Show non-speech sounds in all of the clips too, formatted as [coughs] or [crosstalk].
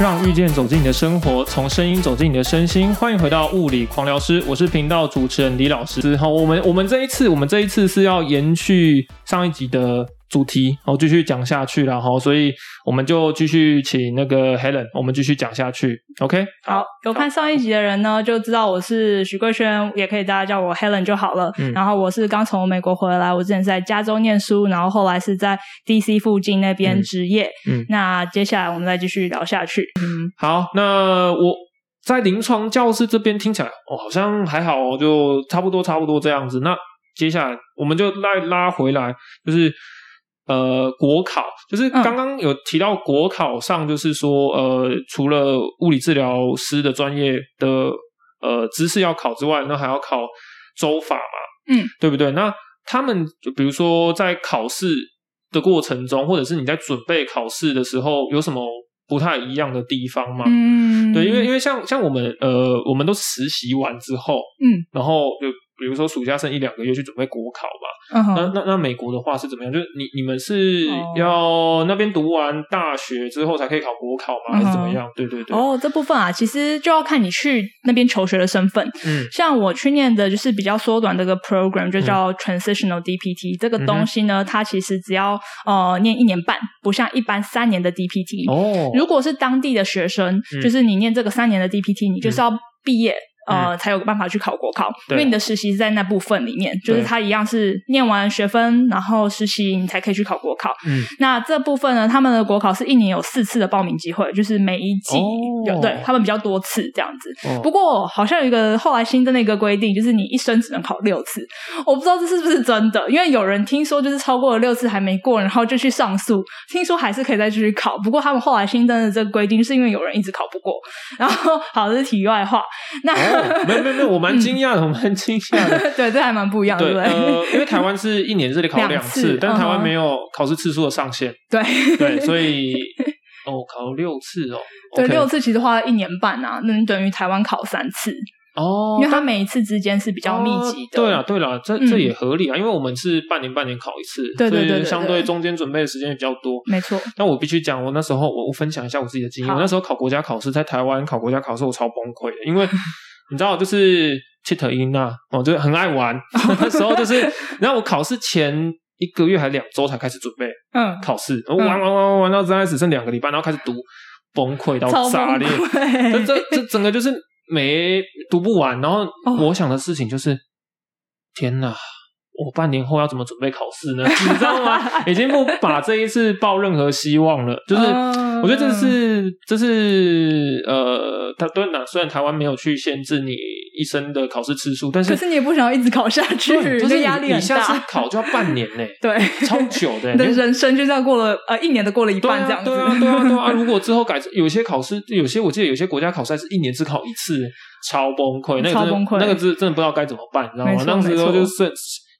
讓遇見走進你的生活，從聲音走進你的身心。歡迎回到物理狂聊師，我是頻道主持人李老師。好，我們我們這一次，我們這一次是要延續上一集的主題，我繼續講下去，然後所以我們就繼續請那個 Helen，我們繼續講下去。OK，好，有看上一集的人呢，就知道我是許桂瑄，也可以大家叫我 Helen 就好了。嗯，然後我是剛從美國回來，我之前在加州念書，然後後來是在 DC 附近那邊執業。嗯，嗯那接下來我們再繼續聊下去。嗯，好，那我在臨床教室這邊聽起來，哦，好像還好哦，就差不多，差不多這樣子。那接下來我們就再拉回來，就是。呃，國考就是剛剛有提到國考上，就是說、哦、呃，除了物理治療師的專業的呃知識要考之外，那還要考州法嘛，嗯，對不對？那他們就比如說在考試的過程中，或者是你在準備考試的時候，有什麼不太一樣的地方嗎？嗯，對，因為因為像像我們呃，我們都實習完之後，嗯，然後就。比如說暑假剩一兩個月去準備國考吧，uh huh. 那那那美國的話是怎麼樣？就是你你們是要那邊讀完大學之後才可以考國考嗎？Uh huh. 還是怎麼樣？對對對。哦，oh, 這部分啊，其實就要看你去那邊求學的身份。嗯。像我去念的就是比較縮短這個 program，就叫 transitional DPT、嗯、這個東西呢，嗯、哼它其實只要呃念一年半，不像一般三年的 DPT。哦。Oh. 如果是當地的學生，嗯、就是你念這個三年的 DPT，你就是要畢業。呃，才有辦法去考國考，嗯、因為你的實習是在那部分裡面，對就是他一樣是念完學分，然後實習你才可以去考國考。嗯，那這部分呢，他們的國考是一年有四次的報名機會，就是每一季有、哦、對他們比較多次這樣子。哦、不過好像有一個後來新增的一個規定，就是你一生只能考六次，我不知道這是不是真的？因為有人聽說就是超過了六次還沒過，然後就去上訴，聽說還是可以再繼續考。不過他們後來新增的這個規定，是因為有人一直考不過。然後，好，這是題外話那。欸沒有沒有沒有，我蠻驚訝的，我蠻驚訝的。對，這還蠻不一樣的。對，呃，因為台灣是一年這裡考兩次，但台灣沒有考試次數的上限。對對，所以哦，考六次哦。對，六次其實花了一年半啊，那你等於台灣考三次哦，因為它每一次之間是比較密集的。對啦，對啦，這這也合理啊，因為我們是半年半年考一次，所以相對中間準備的時間也比較多。沒錯，但我必須講，我那時候我我分享一下我自己的經驗，我那時候考國家考試，在台灣考國家考試，我超崩潰的，因為。你知道，就是切特音吶，我就是很愛玩。那、哦、 [laughs] 時候就是，然後我考試前一個月還兩周才開始準備，嗯，考試、嗯，玩玩玩玩玩到現在只剩兩個禮拜，然後開始讀，崩潰到炸裂。這這這整個就是沒讀不完。然後我想的事情就是，哦、天哪，我半年後要怎麼準備考試呢？你知道嗎？ [laughs] 已經不把這一次抱任何希望了，就是。呃我覺得這是，這是，呃，台灣呢，雖然台灣沒有去限制你一生的考試次數，但是可是你也不想要一直考下去，就是壓力很大，考就要半年嘞，對，超久的， [laughs] 的人生就這樣過了，呃，一年都過了一半這樣子，對啊，對啊，對啊。如果之後改，有些考試，有些我記得有些國家考試還是一年只考一次，超崩潰，那個真的崩潰，那個真的不知道該怎麼辦，你知道嗎？那個時候就是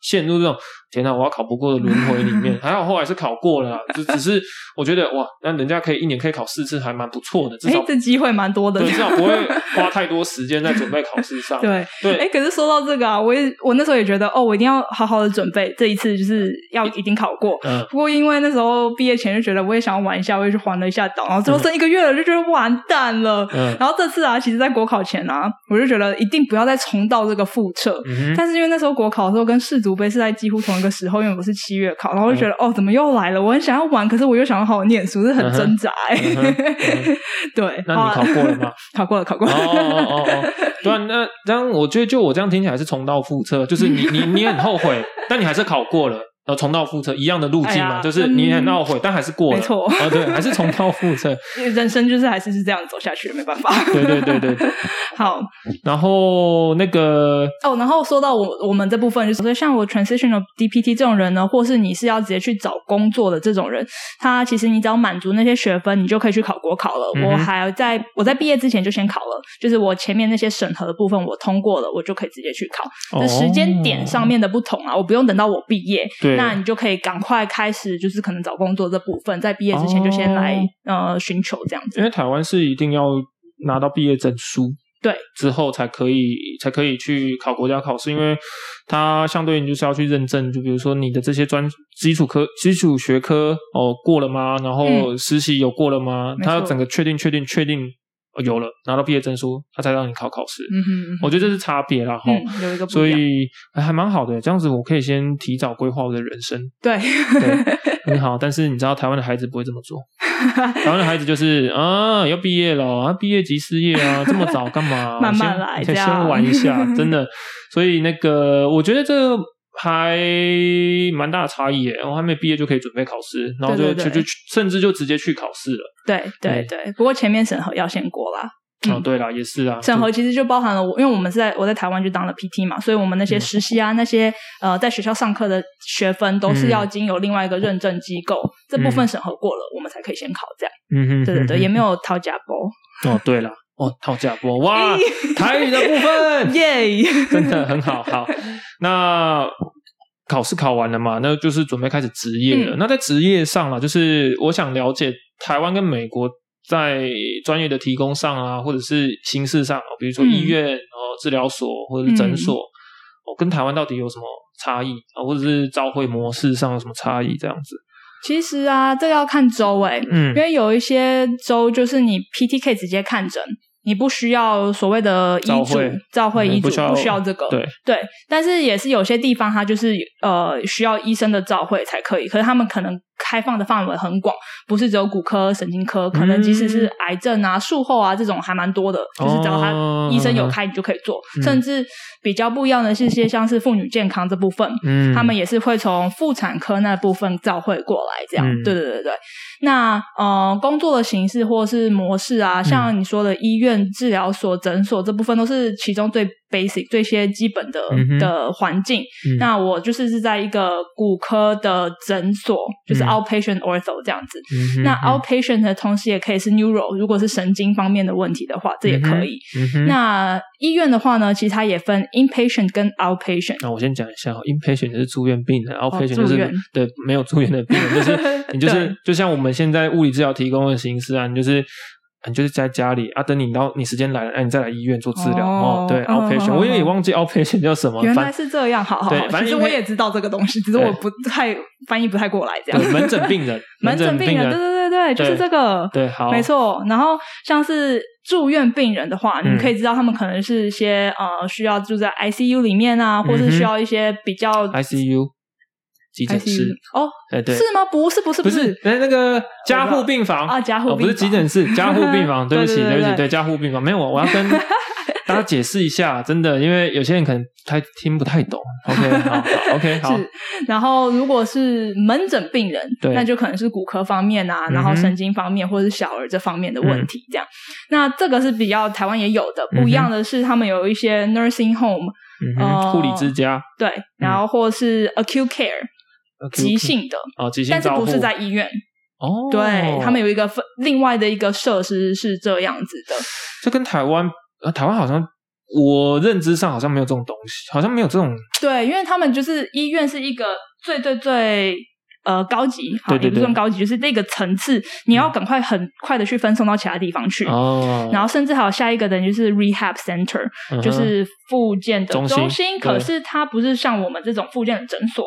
陷入這種。天吶、啊，我要考不過的輪回裡面，還好後來是考過了、啊，就只是我覺得哇，那人家可以一年可以考四次，還蠻不錯的，至少誒這機會蠻多的，至少不會花太多時間在準備考試上。對對，哎對，可是說到這個啊，我也我那時候也覺得哦，我一定要好好的準備這一次，就是要一定考過。嗯、不過因為那時候畢業前就覺得我也想要玩一下，我也去環了一下島，然後最後剩一個月了就覺得完蛋了。嗯、然後這次啊，其實在國考前啊，我就覺得一定不要再重蹈這個覆轍。嗯、哼但是因為那時候國考的時候跟世足盃是在幾乎同。那個時候因為我是七月考，然後我就覺得、嗯、哦，怎麼又來了？我很想要玩，可是我又想要好好念書，是很掙扎、欸。嗯嗯、 [laughs] 對，那你考過了嗎、啊？考過了，考過了。哦哦哦哦，對、啊，那這樣我覺得，就我這樣聽起來是重蹈覆轍，就是你你你很後悔， [laughs] 但你還是考過了。要、哦、重蹈覆轍一樣的路徑嘛，哎、呀就是你很懊悔，嗯、但還是過了。沒錯啊、哦，對，還是重蹈覆轍。 [laughs] 因為人生就是還是是這樣走下去，沒辦法。 [laughs] 對對對對。好。然後那個哦，然後說到我我們這部分就是說，像我 transitional DPT 這種人呢，或是你是要直接去找工作的這種人，他其實你只要滿足那些學分，你就可以去考國考了。嗯、哼我還在我在畢業之前就先考了，就是我前面那些審核的部分我通過了，我就可以直接去考。哦、時間點上面的不同啊，我不用等到我畢業。對。那你就可以趕快開始，就是可能找工作這部分，在畢業之前就先來、哦、呃尋求這樣子。因為台灣是一定要拿到畢業證書，對，之後才可以才可以去考國家考試，因為它相對應就是要去認證。就比如說你的這些專基礎科基礎學科哦過了嗎？然後實習有過了嗎？嗯、它要整個確定確定確定。確定有了拿到畢業證書，他才讓你考考試。嗯嗯哼我覺得這是差別啦齁。哈、嗯，有一個不一樣。所以還蠻好的，這樣子我可以先提早規劃我的人生。對，對。很好。 [laughs] 但是你知道台灣的孩子不會這麼做，台灣的孩子就是啊，要畢業了啊，畢業即失業啊，這麼早幹嘛？ [laughs] 慢慢來，先先玩一下，真的。所以那個，我覺得這個。還蠻大的差異耶，我還沒畢業就可以準備考試，然後就就就甚至就直接去考試了。對對對，不過前面審核要先過啦。嗯，對啦，也是啦，審核其實就包含了我，因為我們是在我在台灣就當了 PT 嘛，所以我們那些實習啊，那些呃在學校上課的學分都是要經由另外一個認證機構，這部分審核過了，我們才可以先考這樣。嗯哼，對對對，也沒有掏假包。哦，對了。哦，好家伙哇！台語的部分耶， [laughs] Yeah 真的很好好。那考試考完了嘛，那就是準備開始執業了。嗯、那在職業上啦，就是我想了解台灣跟美國在專業的提供上啊，或者是形式上、啊，比如說醫院、然、嗯哦、治療所或者是診所，嗯、哦，跟台灣到底有什麼差異啊，或者是招會模式上有什麼差異這樣子。其實啊，這個、要看州誒、欸、嗯，因為有一些州就是你 PT 可以直接看診。你不需要所謂的醫囑，照會，會醫囑不需，不需要這個，對，對，但是也是有些地方它就是呃需要醫生的照會，才可以，可是他們可能。開放的範圍很廣，不是只有骨科、神經科，可能即使是癌症啊、術後啊這種還蠻多的，嗯、就是只要他醫生有開，哦、你就可以做。嗯、甚至比較不一樣的是些像是婦女健康這部分，嗯、他們也是會從婦產科那部分照會過來，這樣。嗯、對對對對，那呃工作的形式或是模式啊，像你說的醫院、治療所、診所這部分，都是其中最。basic 這些基本的，嗯、哼的環境，嗯、那我就是是在一個骨科的診所，就是 outpatient ortho 這樣子。嗯、哼那 outpatient 的同時也可以是 neural，嗯、哼如果是神經方面的問題的話，這也可以。嗯嗯、那醫院的話呢，其實它也分 inpatient 跟 outpatient。那，啊、我先講一下，inpatient 就是住院病人，outpatient，哦、院就是對沒有住院的病人， [laughs] 就是你就是對就像我們現在物理治療提供的形式啊，你就是。你就是在家裡啊，等你到你時間來了，哎，你再來醫院做治療哦，哦。對、嗯、，outpatient，我以為你忘記 outpatient 叫什麼。原來是這樣，好。好好。反正我也知道這個東西，只是我不太翻譯不太過來這樣。門診病人，門診病人，病人對對對對，對就是這個。對，好，沒錯。然後像是住院病人的話，嗯、你可以知道他們可能是一些呃需要住在 ICU 裡面啊，嗯、或是需要一些比較 ICU。急診室哦，對對，是嗎？不是，不是，不是，哎，那個加護病房啊，加護不是急診室，加護病房，對不起，對不起，對，加護病房，沒有，我要跟大家解釋一下，真的，因為有些人可能太聽不太懂。OK，好，OK，好。然後如果是門診病人，那就可能是骨科方面啊，然後神經方面，或者是小兒這方面的問題，這樣。那這個是比較台灣也有的，不一樣的是他們有一些 nursing home，護理之家，對，然後或是 acute care。急性 Okay ,、okay. 的啊，哦、即興但是不是在醫院哦？對，他們有一個分另外的一個設施是這樣子的。這跟台灣，台灣好像，我認知上好像沒有這種東西，好像沒有這種。對，因為他們就是醫院是一個最最最。呃，高級也不算高級，就是那個層次，你要趕快很快的去分送到其他地方去，然後甚至還有下一個等於就是 rehab center，就是復健的中心。可是它不是像我們這種復健的診所。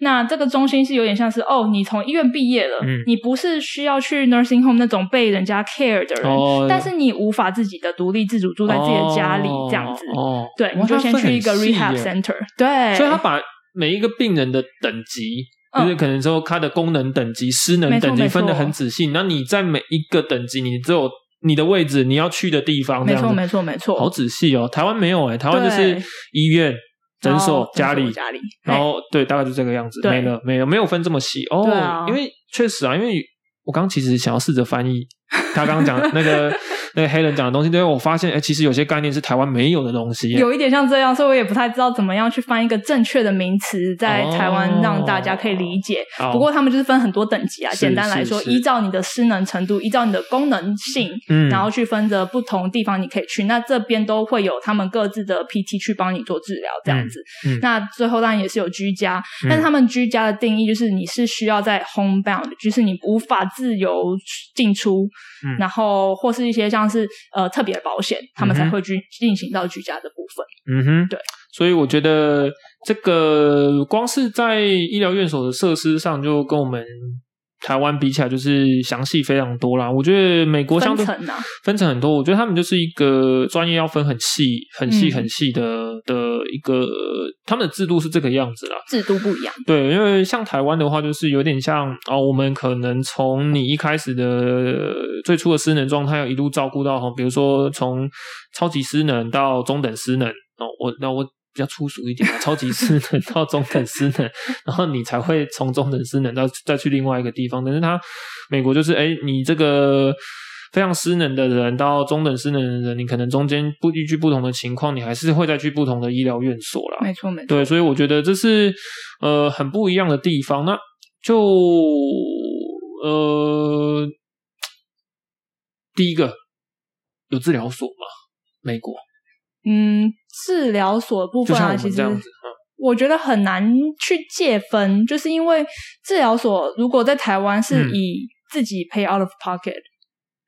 那這個中心是有點像是哦，你從醫院畢業了，你不是需要去 nursing home 那種被人家 care 的人，但是你無法自己的獨立自主住在自己的家裡這樣子。哦，對，你就先去一個 rehab center。對，所以他把每一個病人的等級。就是可能說它的功能等級、失能等級分得很仔細，那你在每一個等級，你只有你的位置，你要去的地方，這樣子，沒錯，沒錯，沒錯，好仔細哦。台灣沒有哎，台灣就是醫院、診所、家裡，家裡，然後對，大概就這個樣子，沒有，沒有，沒有分這麼細哦。因為確實啊，因為我剛其實想要試着翻譯他剛剛講的那個。那黑人講的東西，因為我發現，哎，其實有些概念是台灣沒有的東西，啊，有一點像這樣，所以我也不太知道怎麼樣去翻一個正確的名詞，在台灣讓大家可以理解。哦、不過他們就是分很多等級啊，哦、簡單來說，依照你的失能程度，依照你的功能性，嗯、然後去分着不同地方你可以去。那這邊都會有他們各自的 PT 去幫你做治療這樣子。嗯嗯、那最後當然也是有居家，但他們居家的定義就是你是需要在 home bound，就是你無法自由進出，嗯、然後或是一些像。像是呃特別保險，他們才會去進行到居家的部分。嗯哼，對。所以我覺得這個光是在醫療院所的設施上，就跟我們。台灣比起來就是詳細非常多啦，我覺得美國相對分成很多，啊、我覺得他們就是一個專業要分很細、很細、很細的的一個，他們的制度是這個樣子啦，制度不一樣。對，因為像台灣的話，就是有點像啊、哦，我們可能從你一開始的最初的失能狀態，要一路照顧到，哈，比如說從超級失能到中等失能，哦，我那我，比較粗俗一點，超級失能到中等失能， [laughs] 然後你才會從中等失能到再去另外一個地方。但是他美國就是，哎、欸，你這個非常失能的人到中等失能的人，你可能中間不依據不同的情況，你還是會再去不同的醫療院所啦。沒錯，沒錯。對，所以我覺得這是呃很不一樣的地方。那就呃第一個有治療所嘛，美國。嗯，治療所的部分啊，其實我覺得很難去界分，嗯、就是因為治療所如果在台灣是以自己 pay out of pocket，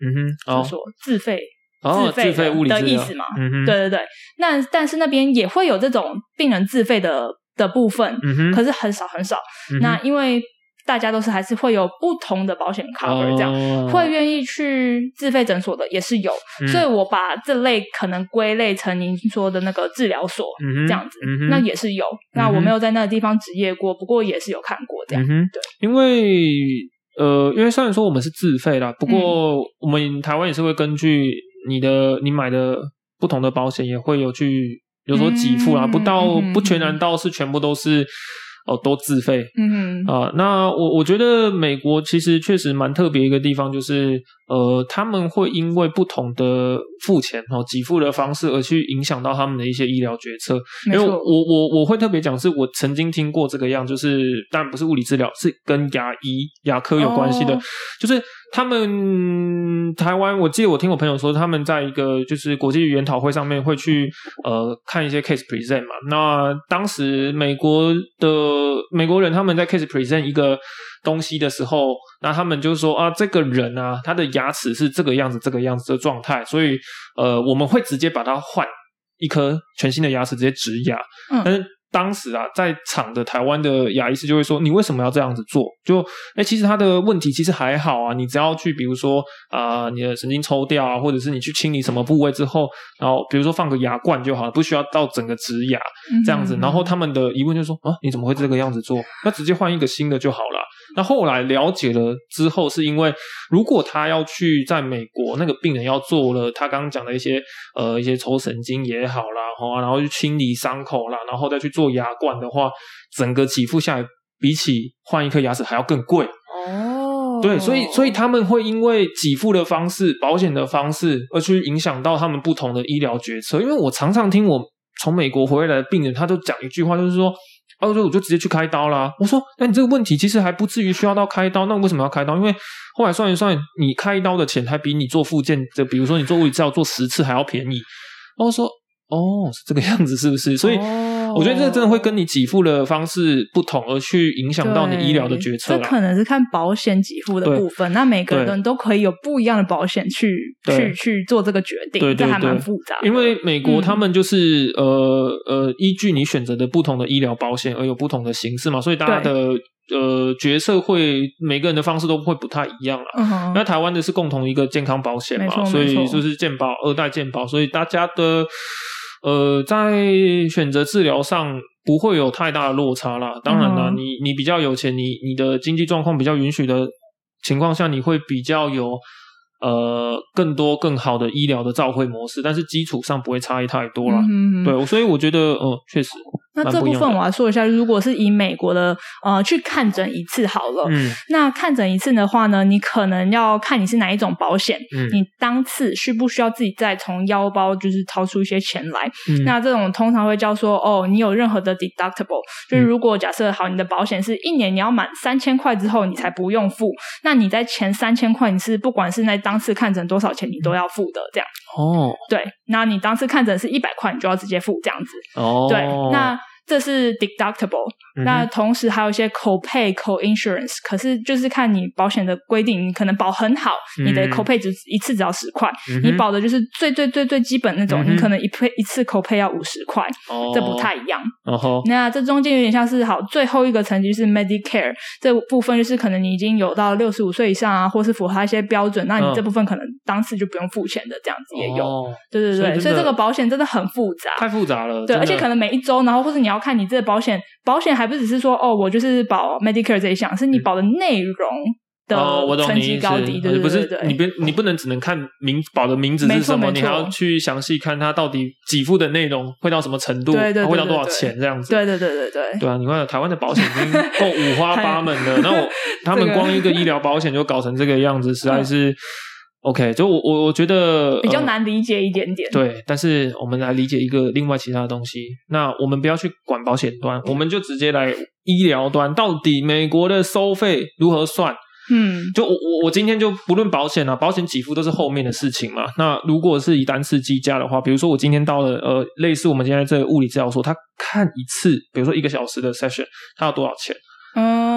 嗯哼，就說自費，哦、自費物理的意思嘛，嗯哼，對對對，那但是那邊也會有這種病人自費的的部分，嗯哼可是很少很少，嗯、哼那因為。大家都是還是會有不同的保險 cover 這樣，呃、會願意去自費診所的也是有，嗯、所以我把這類可能歸類成您說的那個治療所這樣子，嗯嗯、那也是有。嗯、哼那我沒有在那個地方執業過，不過也是有看過這樣。嗯、哼對，因為呃，因為雖然說我們是自費啦，不過我們台灣也是會根據你的你買的不同的保險，也會有去有所給付啦，嗯、哼不到、嗯、哼不全然到是全部都是。哦，都自費，嗯哼，啊，那我我覺得美國其實確實蠻特別一個地方，就是呃，他們會因為不同的付錢哦給付的方式而去影響到他們的一些醫療決策。沒錯。因為我我我，我會特別講，是我曾經聽過這個樣，就是當然不是物理治療，是跟牙醫牙科有關係的，哦、就是。他們台灣，我記得我聽我朋友說，他們在一個就是國際研討會上面會去呃看一些 case present 嘛。那當時美國的美國人他們在 case present 一個東西的時候，那他們就說啊，這個人啊，他的牙齒是這個樣子、這個樣子的狀態，所以呃，我們會直接把它換一顆全新的牙齒，直接植牙。嗯。但是。當時啊，在場的台灣的牙醫師就會說：“你為什麼要這樣子做？就哎、欸，其實他的問題其實還好啊，你只要去，比如說啊、呃，你的神經抽掉啊，或者是你去清理什麼部位之後，然後比如說放個牙冠就好了，不需要到整個植牙、嗯、哼這樣子。然後他們的疑問就說：啊，你怎麼會這個樣子做？那直接換一個新的就好了。”那後來了解了之後，是因為如果他要去在美國，那個病人要做了他剛剛講的一些呃一些抽神經也好啦，然後去清理傷口啦，然後再去做牙冠的話，整個給付下來比起換一顆牙齒還要更貴哦。Oh. 對，所以所以他們會因為給付的方式、保險的方式而去影響到他們不同的醫療決策。因為我常常聽我從美國回來的病人，他都講一句話，就是說，哦，說、啊，我就直接去開刀啦，啊。我說，那你這個問題其實還不至於需要到開刀，那我為什麼要開刀？因為後來算一算，你開刀的錢還比你做復健的，比如說你做物理治療做十次還要便宜。然後，啊，我說，哦，這個樣子是不是？所以。哦我覺得這真的會跟你給付的方式不同，而去影響到你醫療的決策。這可能是看保險給付的部分。對那每個人都可以有不一樣的保險去，對去去對去做這個決定，對對對對這還蠻複雜。因為美國他們就是呃、嗯、呃，依據你選擇的不同的醫療保險而有不同的形式嘛，所以大家的對呃決策會每個人的方式都會不太一樣啦。嗯、哼那台灣的是共同一個健康保險嘛，所以就是健保二代健保，所以大家的。呃，在選擇治療上不會有太大的落差啦。當然啦，mm hmm. 你你比較有錢，你你的經濟狀況比較允許的情況下，你會比較有呃更多更好的醫療的照會模式，但是基礎上不會差異太多啦，嗯，mm hmm. 對，所以我覺得，呃確實。那這部分我要說一下，如果是以美國的呃去看診一次好了，嗯，那看診一次的話呢，你可能要看你是哪一種保險，嗯，你當次需不需要自己再從腰包就是掏出一些錢來？嗯，那這種通常會叫說哦，你有任何的 deductible，就是如果假設好，你的保險是一年你要滿三千塊之後你才不用付，那你在前三千塊你是不管是那當次看診多少錢你都要付的這樣。哦，對，那你當次看診是一百塊，你就要直接付這樣子。哦，對，那。這是 deductible，那、嗯、哼同時還有一些口 co y co-insurance，可是就是看你保險的規定，你可能保很好，你的口賠只、嗯、哼一次只要十塊，嗯、哼你保的就是最最最最基本那種，嗯、哼你可能一配一次口 y 要五十塊，嗯、哼這不太一樣。哦、那這中間有點像是好最後一個層級是 Medicare 這部分就是可能你已經有到六十五歲以上啊，或是符合一些標準，那你這部分可能當時就不用付錢的這樣子也有。哦、對對對，所以,所以這個保險真的很複雜，太複雜了。對，而且可能每一周，然後或是你要要看你這個保險，保險還不只是說哦，我就是保 Medicare 這一項，是你保的內容的層級高低，哦、對對是是你不、哦、你不能只能看名保的名字是什麼，你還要去詳細看它到底給付的內容會到什麼程度，會到多少錢這樣子。對對對對對。對啊，你看台灣的保險已經夠五花八門的，那 [laughs] 還我他們光一個醫療保險就搞成這個樣子，實在是。嗯 OK，就我我我覺得比較難理解一點點、呃。對，但是我們來理解一個另外其他的東西。那我們不要去管保險端，Okay. 我們就直接來醫療端，到底美國的收費如何算？嗯，就我我我今天就不論保險了、啊，保險幾乎都是後面的事情嘛。那如果是以單次計價的話，比如說我今天到了，呃，類似我們今天在這個物理治療所，他看一次，比如說一個小時的 session，他要多少錢？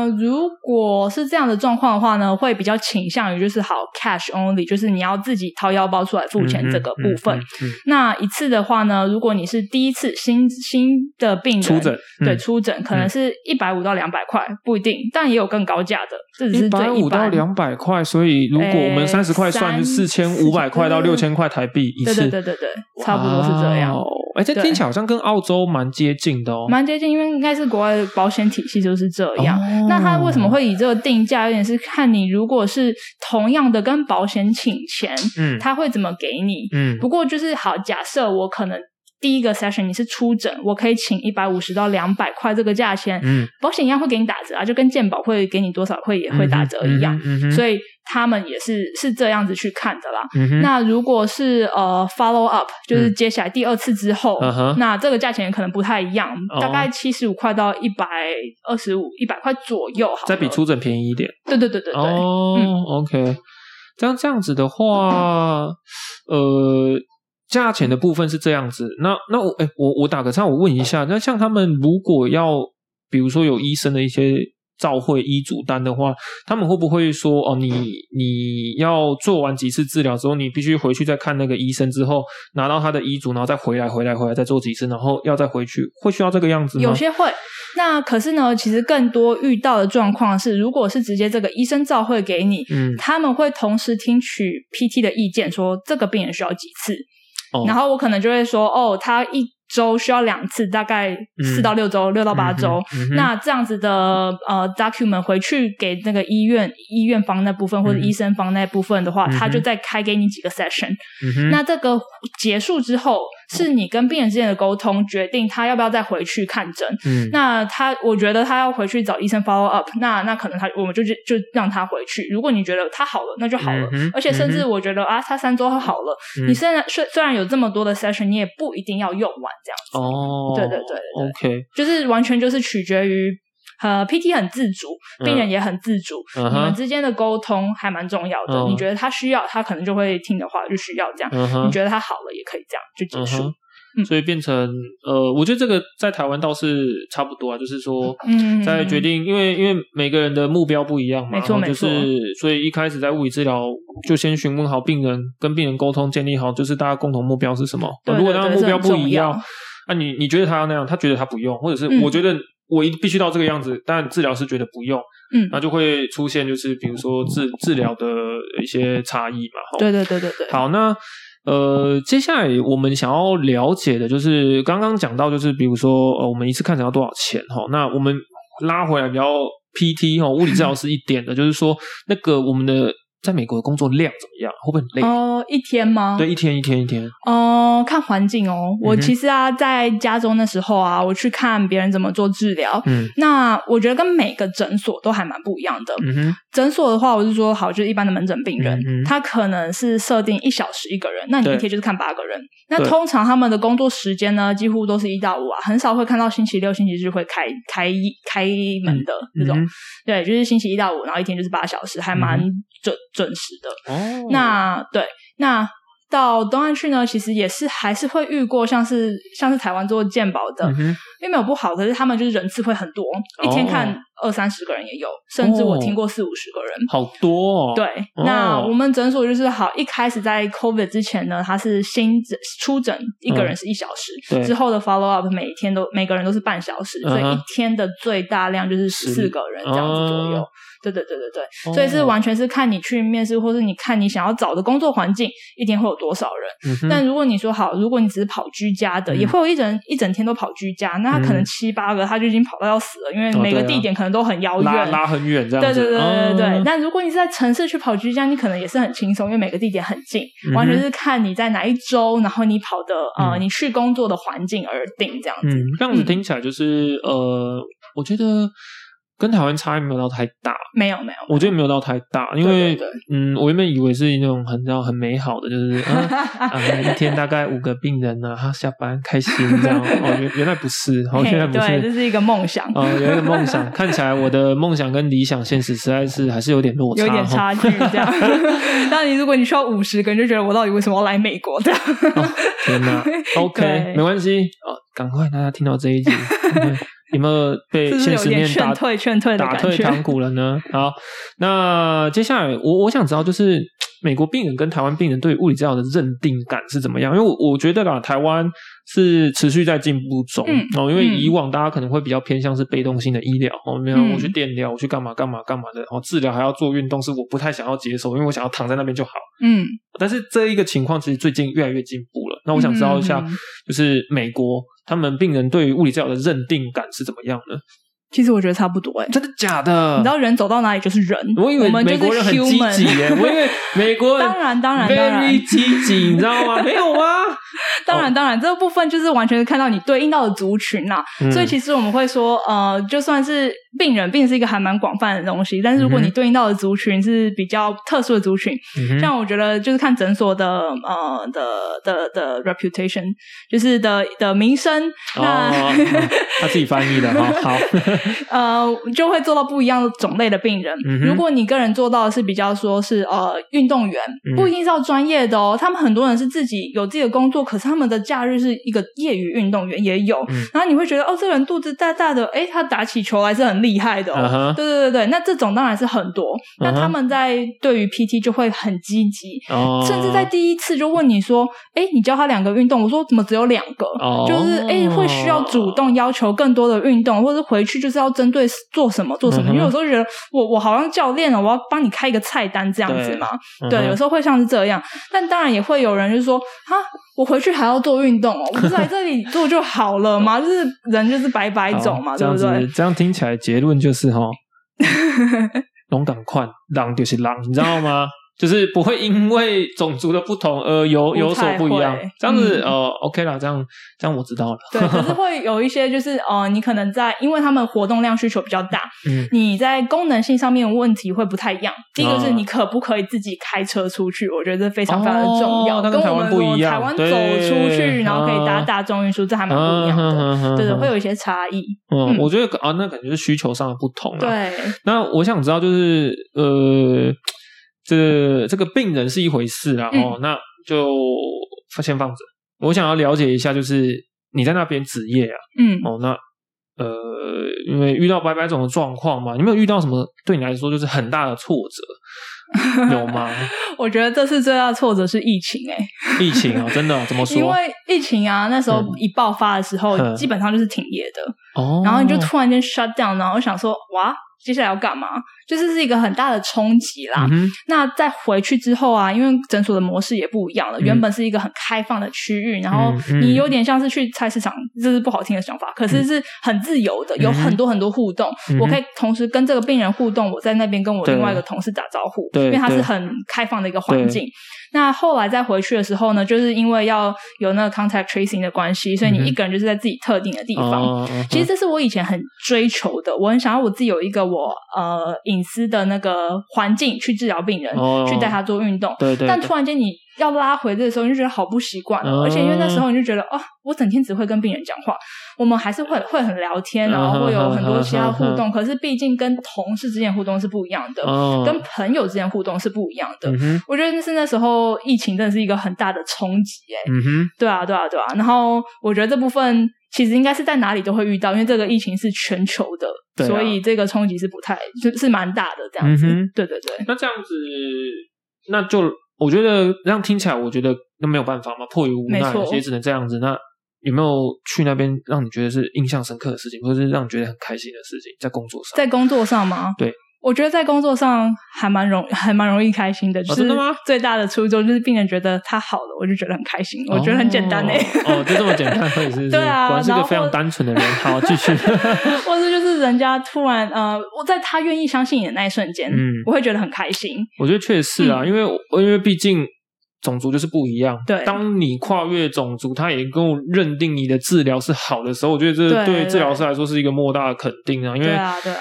如果是這樣的狀況的話呢，會比較傾向於就是好 cash only，就是你要自己掏腰包出來付錢這個部分。嗯嗯嗯嗯、那一次的話呢，如果你是第一次新新的病人出診，嗯、對出診可能是一百五到兩百塊，不一定，但也有更高價的。這只是一百五到兩百塊，所以如果我們三十塊算是 4,，是四千五百塊到六千塊台幣一次，對對，對對對，差不多是這樣、哦。哎、欸，這聽起來好像跟澳洲蠻接近的哦。蠻接近，因為應該是國外的保險體系就是這樣。哦、那它為什麼會以這個定價？有點是看你如果是同樣的跟保險請錢，嗯，他會怎麼給你？嗯，不過就是好，假設我可能。第一個 session 你是出診，我可以請一百五十到兩百塊這個價錢，嗯、保險一樣會給你打折啊，就跟健保會給你多少會也會打折一樣，嗯嗯嗯、所以他們也是是這樣子去看的啦，嗯、哼那如果是呃 follow up，就是接下來第二次之後，嗯、那這個價錢也可能不太一樣，uh huh、大概七十五塊到一百二十五一百塊左右好，好，再比出診便宜一點，對對對對對，哦、oh, 嗯、，OK，這樣這樣子的話， [coughs] 呃。價錢的部分是這樣子，那那我哎、欸，我我打個岔，我問一下，那像他們如果要，比如說有醫生的一些照會醫囑單的話，他們會不會說哦，你你要做完幾次治療之後，你必須回去再看那個醫生，之後拿到他的醫囑，然後再回來，回來，回來，再做幾次，然後要再回去，會需要這個樣子嗎？有些會，那可是呢，其實更多遇到的狀況是，如果是直接這個醫生照會給你，嗯、他們會同時聽取 PT 的意見，說這個病人需要幾次。然後我可能就會說，哦，他一周需要兩次，大概四到六周，嗯、六到八周。嗯嗯、那這樣子的呃 document 回去給那個醫院醫院方那部分或者醫生方那部分的話，嗯、他就再開給你幾個 session。嗯、哼那這個。結束之後，是你跟病人之間的溝通，決定他要不要再回去看診。嗯，那他，我覺得他要回去找醫生 follow up 那。那那可能他，我們就就就讓他回去。如果你覺得他好了，那就好了。嗯、哼而且甚至我覺得、嗯、哼啊，他三周他好了，嗯、你雖然雖雖然有這麼多的 session，你也不一定要用完這樣子。哦，對對對，對，OK，就是完全就是取決於。呃，PT 很自主，病人也很自主，你們之間的溝通還蠻重要的。你覺得他需要，他可能就會聽的話就需要這樣。你覺得他好了，也可以這樣就結束。所以變成呃，我覺得這個在台灣倒是差不多啊，就是說在決定，因為因為每個人的目標不一樣嘛，沒錯沒錯。所以一開始在物理治療就先詢問好病人，跟病人溝通，建立好就是大家共同目標是什麼。如果大家目標不一樣，那你你覺得他要那樣，他覺得他不用，或者是我覺得。我一必須到這個樣子，但治療師覺得不用，嗯，那就會出現就是比如說治治療的一些差異嘛，齁，對對對對對。好，那呃接下來我們想要了解的就是剛剛講到就是比如說呃我們一次看診要多少錢，齁，那我們拉回來比較 PT 齁，物理治療師一點的 [laughs] 就是說那個我們的。在美國的工作量怎麼樣？會不會很累？哦、呃，一天嗎？對，一天一天一天。哦、呃，看環境哦。我其實啊，在家中那時候啊，我去看別人怎麼做治療。嗯，那我覺得跟每個診所都還蠻不一樣的。嗯、哼診所的話我，我是說好，就是一般的門診病人，嗯、哼他可能是設定一小時一個人，那你一天就是看八個人。那通常他們的工作時間呢，幾乎都是一到五啊，很少會看到星期六、星期日會開開一開門的、嗯嗯、那種。對，就是星期一到五，然後一天就是八小時，還蠻準、嗯、哼準時的。哦，那對，那到東岸去呢，其實也是還是會遇過像是像是台灣做健保的，嗯、哼並沒有不好，可是他們就是人次會很多，一天看。哦二三十個人也有，甚至我聽過四五十個人，哦、好多、哦。對，哦、那我們診所就是好，一開始在 COVID 之前呢，他是新診、初診一個人是一小時，嗯、之後的 Follow Up 每天都每個人都是半小時，嗯、哼所以一天的最大量就是十四個人這樣子左右。嗯對對對對對，哦、所以是完全是看你去面試，或是你看你想要找的工作環境，一天會有多少人。嗯、哼但如果你說好，如果你只是跑居家的，嗯、也會有一整一整天都跑居家，那他可能七八個，他就已經跑到要死了，因為每個地點可能都很遙遠，哦對啊、拉,拉很遠這樣子。對,對對對對對。嗯、但如果你是在城市去跑居家，你可能也是很輕鬆，因為每個地點很近，嗯、哼完全是看你在哪一州，然後你跑的、嗯、呃，你去工作的環境而定這樣子、嗯。這樣子聽起來就是、嗯、呃，我覺得。跟台灣差異沒有到太大，沒有沒有，我覺得沒有到太大，因為嗯，我原本以為是那種很要很美好的，就是啊，一天大概五個病人呢，下班開心這樣哦，原原來不是，好，現在不是，這是一個夢想哦，有一個夢想，看起來我的夢想跟理想現實實在是還是有點落差，有點差距這樣。那你如果你需要五十個，你就覺得我到底為什麼要來美國？這樣哦，天哪，OK，沒關係哦，趕快大家聽到這一集。有沒有被現實面打，是不是有點勸退、勸退、勸退、打退堂鼓了呢？好，那接下來我我想知道，就是美國病人跟台灣病人對物理治療的認定感是怎麼樣？因為我我覺得啦，台灣是持續在進步中哦、嗯喔。因為以往大家可能會比較偏向是被動性的醫療，哦、嗯，沒有、喔、我去電療，我去幹嘛幹嘛幹嘛的，哦、嗯，然後治療還要做運動，是我不太想要接受，因為我想要躺在那邊就好。嗯，但是這一個情況其實最近越來越進步了。那我想知道一下，嗯、就是美國。他們病人對於物理治療的認定感是怎麼樣呢？其實我覺得差不多哎、欸，真的假的？你知道人走到哪裡就是人，我以為美國人很積極，我以為美國人當然當然當然積極，你知道嗎？沒有嗎？當然，當然， [laughs] 當然當然，這個部分就是完全是看到你對應到的族群啦、啊，所以其實我們會說，呃，就算是。病人病人是一個還蠻廣泛的東西，但是如果你對應到的族群是比較特殊的族群，嗯、哼像我覺得就是看診所的呃的的的 reputation，就是的的名聲那、哦哦。他自己翻譯的好 [laughs] 好，好呃，就會做到不一樣的種類的病人。嗯、哼如果你個人做到的是比較說是呃運動員，不一定是要專業的哦，他們很多人是自己有自己的工作，可是他們的假日是一個業餘運動員也有。嗯、然後你會覺得哦，這個人肚子大大的，哎，他打起球來是很。厲害的哦，對、uh huh. 對對對，那這種當然是很多。那、uh huh. 他們在對於 PT 就會很積極，uh huh. 甚至在第一次就問你說：“哎、欸，你教他兩個運動？”我說：“怎麼只有兩個？” uh huh. 就是哎、欸，會需要主動要求更多的運動，或者回去就是要針對做什麼做什麼。Uh huh. 因為有時候覺得我我好像教練了，我要幫你開一個菜單這樣子嘛。對，uh huh. 對，有時候會像是這樣。但當然也會有人就說：“啊，我回去還要做運動哦，不是來這裡做就好了嘛， [laughs] 就是人就是白白走嘛，好對不對這？”這樣聽起來結論就是齁，攏共款，人就是人，你知道嗎？ [laughs] 就是不會因為種族的不同，呃，有有所不一樣。這樣子，呃，OK 啦，這樣這樣我知道了。對，可是會有一些，就是呃你可能在，因為他們活動量需求比較大，你在功能性上面的問題會不太一樣。第一個是你可不可以自己開車出去，我覺得這非常非常的重要，跟我們台灣走出去，然後可以搭大眾運輸，這還蠻不一樣的，對，會有一些差異。嗯，我覺得啊，那感覺是需求上的不同。對，那我想知道就是，呃。這這個病人是一回事，啊，嗯、哦，那就先放着。我想要了解一下，就是你在那邊職業啊，嗯，哦，那呃，因為遇到百百種的狀況嘛，你沒有遇到什麼對你來說就是很大的挫折，有嗎？ [laughs] 我覺得這次最大的挫折是疫情，欸，誒 [laughs] 疫情啊，真的、啊、怎麼說？因為疫情啊，那時候一爆發的時候，嗯、基本上就是停業的哦，然後你就突然間 shut down，然後我想說哇。接下來要幹嘛？就是是一個很大的衝擊啦。嗯、哼那在回去之後啊，因為診所的模式也不一樣了。原本是一個很開放的區域，嗯、然後你有點像是去菜市場，嗯、這是不好聽的想法。可是是很自由的，嗯、哼有很多很多互動。嗯、哼我可以同時跟這個病人互動，我在那邊跟我另外一個同事打招呼，因為它是很開放的一個環境。那後來再回去的時候呢，就是因為要有那個 contact tracing 的關係，所以你一個人就是在自己特定的地方。嗯 oh, okay. 其實這是我以前很追求的，我很想要我自己有一個我，呃，隱私的那個環境去治療病人，oh, 去帶他做運動。對，對對。但突然間你。要拉回的時候，你就覺得好不習慣，哦、而且因為那時候你就覺得，哦，我整天只會跟病人講話，我們還是會會很聊天，然後會有很多其他互動，哦哦哦哦、可是畢竟跟同事之間的互動是不一樣的，哦、跟朋友之間互動是不一樣的。嗯、哼我覺得那是那時候疫情真的是一個很大的衝擊。嗯哼對啊，對啊，對啊，對啊。然後我覺得這部分其實應該是在哪裡都會遇到，因為這個疫情是全球的，對啊，所以這個衝擊是不太就是蠻大的這樣子。嗯、哼對對對，那這樣子那就。我覺得這樣聽起來，我覺得都沒有辦法嘛，迫於無奈，沒錯。也只能這樣子。那有沒有去那邊讓你覺得是印象深刻的事情，或者是讓你覺得很開心的事情，在工作上？在工作上嗎？對。我覺得在工作上還蠻容還蠻容易開心的，就是最大的初衷就是病人覺得他好了，我就覺得很開心。我覺得很簡單誒。哦，就這麼簡單，我也是，對啊。果然是個非常單純的人。好，繼續。或者就是人家突然呃，我在他願意相信你的那一瞬間，嗯，我會覺得很開心。我覺得確實啊，因為因為畢竟種族就是不一樣。對，當你跨越種族，他也能夠認定你的治療是好的時候，我覺得這對治療師來說是一個莫大的肯定啊。因為啊，對啊，對啊。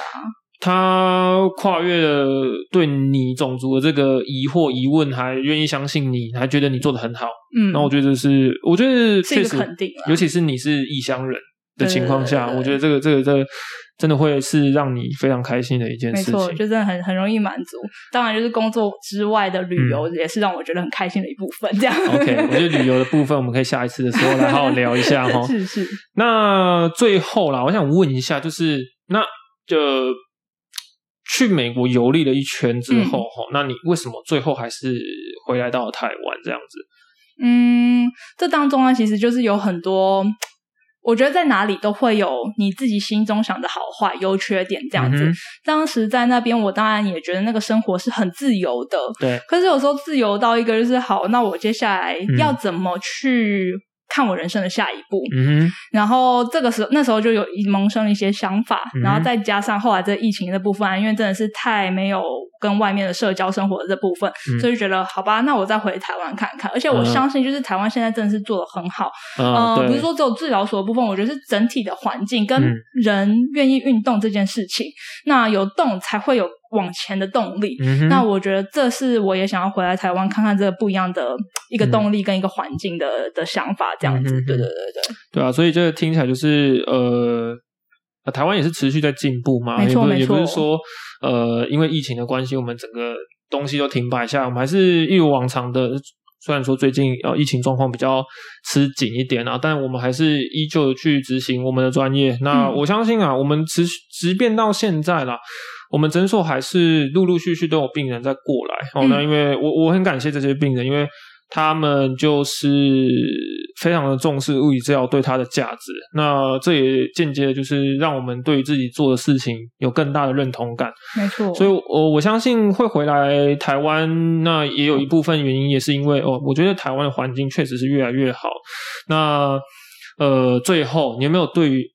他跨越了對你種族的這個疑惑、疑問，還願意相信你，還覺得你做得很好，嗯，那我覺得是，我覺得確實，是個肯定，尤其是你是異鄉人的情況下，對對對對，我覺得這個這個這個真的會是讓你非常開心的一件事情，沒錯，就真的很很容易滿足。當然，就是工作之外的旅遊也是讓我覺得很開心的一部分。嗯、這樣，OK，我覺得旅遊的部分我們可以下一次的時候來好好聊一下哈、哦。 [laughs] 是是。那最後啦，我想問一下，就是那就。呃去美國遊歷了一圈之後、嗯，那你為什麼最後還是回來到了台灣這樣子？嗯，這當中呢，其實就是有很多，我覺得在哪裡都會有你自己心中想的好壞優缺點這樣子。嗯、哼當時在那邊，我當然也覺得那個生活是很自由的，對。可是，有時候自由到一個就是好，那我接下來要怎麼去？嗯看我人生的下一步，嗯、哼然後這個時候那時候就有一萌生了一些想法，嗯、哼然後再加上後來這疫情的部分，因為真的是太沒有跟外面的社交生活的這部分，嗯、所以就覺得好吧，那我再回台灣看看。而且我相信，就是台灣現在真的是做得很好，嗯、呃不是說只有治療所的部分，我覺得是整體的環境跟人願意運動這件事情，那有動才會有。往前的動力，嗯、哼那我覺得這是我也想要回來台灣看看這個不一樣的一個動力跟一個環境的、嗯、的想法，這樣子，嗯、哼對對對對，對啊，所以這個聽起來就是呃，啊、台灣也是持續在進步嘛，沒錯錯沒錯錯，也不是說呃，因為疫情的關係，我們整個東西都停擺下來，我們還是一如往常的，雖然說最近呃疫情狀況比較吃緊一點啊，但我們還是依舊去執行我們的專業。那我相信啊，我們持續即便到現在了。嗯我們診所還是陸陸續續都有病人在過來，嗯、哦，那因為我我很感謝這些病人，因為他們就是非常的重視物理治療對他的價值，那這也間接的就是讓我們對於自己做的事情有更大的認同感，沒錯。所以，我、呃、我相信會回來台灣，那也有一部分原因也是因為，哦、呃，我覺得台灣的環境確實是越來越好。那，呃，最後你有沒有對於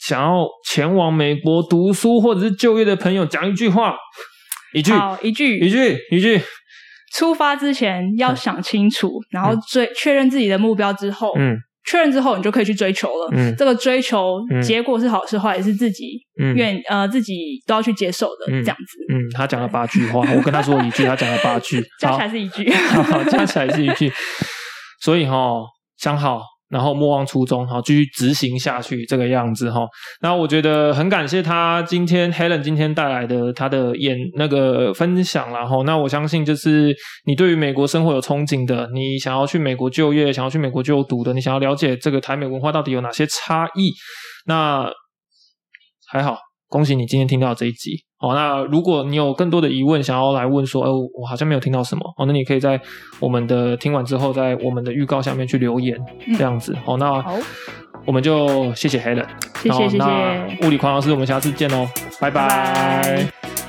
想要前往美國讀書或者是就業的朋友，講一句話，一句，一句，一句，一句。出發之前要想清楚，然後追確認自己的目標之後，嗯，確認之後你就可以去追求了。這個追求結果是好是壞，也是自己願呃自己都要去接受的。這樣子，嗯，他講了八句話，我跟他說一句，他講了八句，加起來是一句，哈哈，加起來是一句。所以哈，想好。然後莫忘初衷，好，繼續執行下去這個樣子哈。那我覺得很感謝他今天 Helen 今天帶來的他的演那個分享啦，然後那我相信就是你對於美國生活有憧憬的，你想要去美國就業，想要去美國就讀的，你想要了解這個台美文化到底有哪些差異，那還好，恭喜你今天聽到這一集。好，哦，那如果你有更多的疑問想要來問，說，哦、欸，我好像沒有聽到什麼，哦，那你可以在我們的聽完之後，在我們的預告下面去留言，嗯，這樣子。好，哦，那我們就謝謝 Helen，謝謝謝謝，謝謝，那物理狂老師，我們下次見哦，拜拜。拜拜。